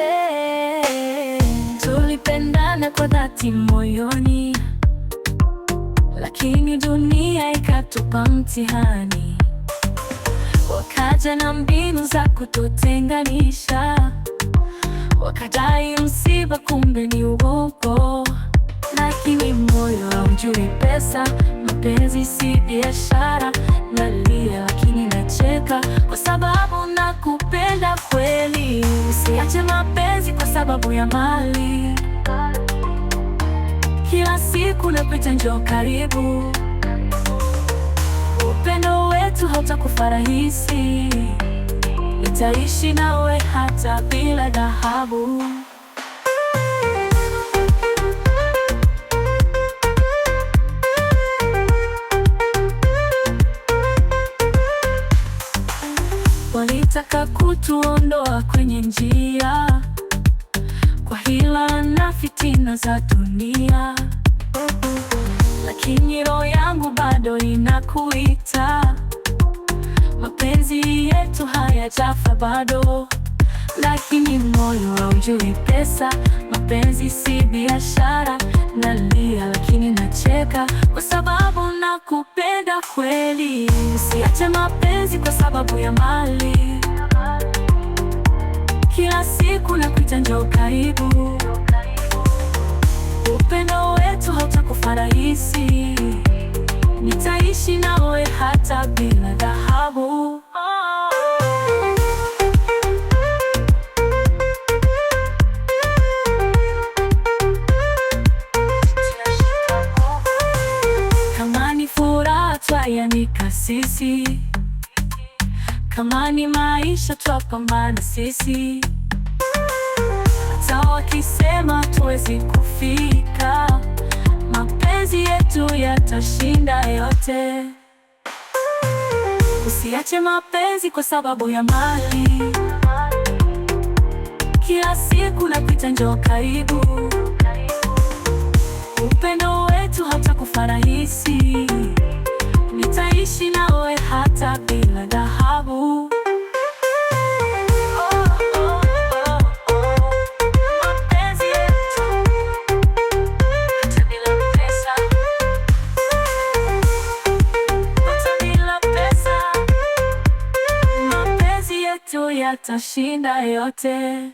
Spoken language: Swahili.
Eh, tulipendana kwa dhati moyoni, lakini dunia ikatupa mtihani. Wakaja na mbinu za kututenganisha, wakadai msiba, kumbe ni uongo. Lakini moyo haujui pesa, mapenzi si biashara, nalia lakini Niache mapenzi kwa sababu ya mali. Kila siku napita, njoo karibu. Upendo wetu hautakufa rahisi. Nitaishi nawe hata bila dhahabu. kutuondoa kwenye njia kwa hila na fitina za dunia, lakini roho yangu bado inakuita. Mapenzi yetu hayajafa bado, lakini moyo haujui pesa. Mapenzi si biashara, nalia lakini nacheka kwa sababu nakupenda kweli. Usiache mapenzi kwa sababu ya mali. Kila siku napita njoo karibu, upendo wetu hautakufa rahisi. Nitaishi nawe hata bila dhahabu. Kama ni furaha twayanika sisi kama ni maisha twapambana sisi, hata wakisema tuwezi kufika, mapenzi yetu yatashinda yote. Usiache mapenzi kwa sababu ya mali. Kila siku napita, njoo karibu. Upendo wetu hautakufaa rahisi, nitaishi nawe hata bila nitashinda yote.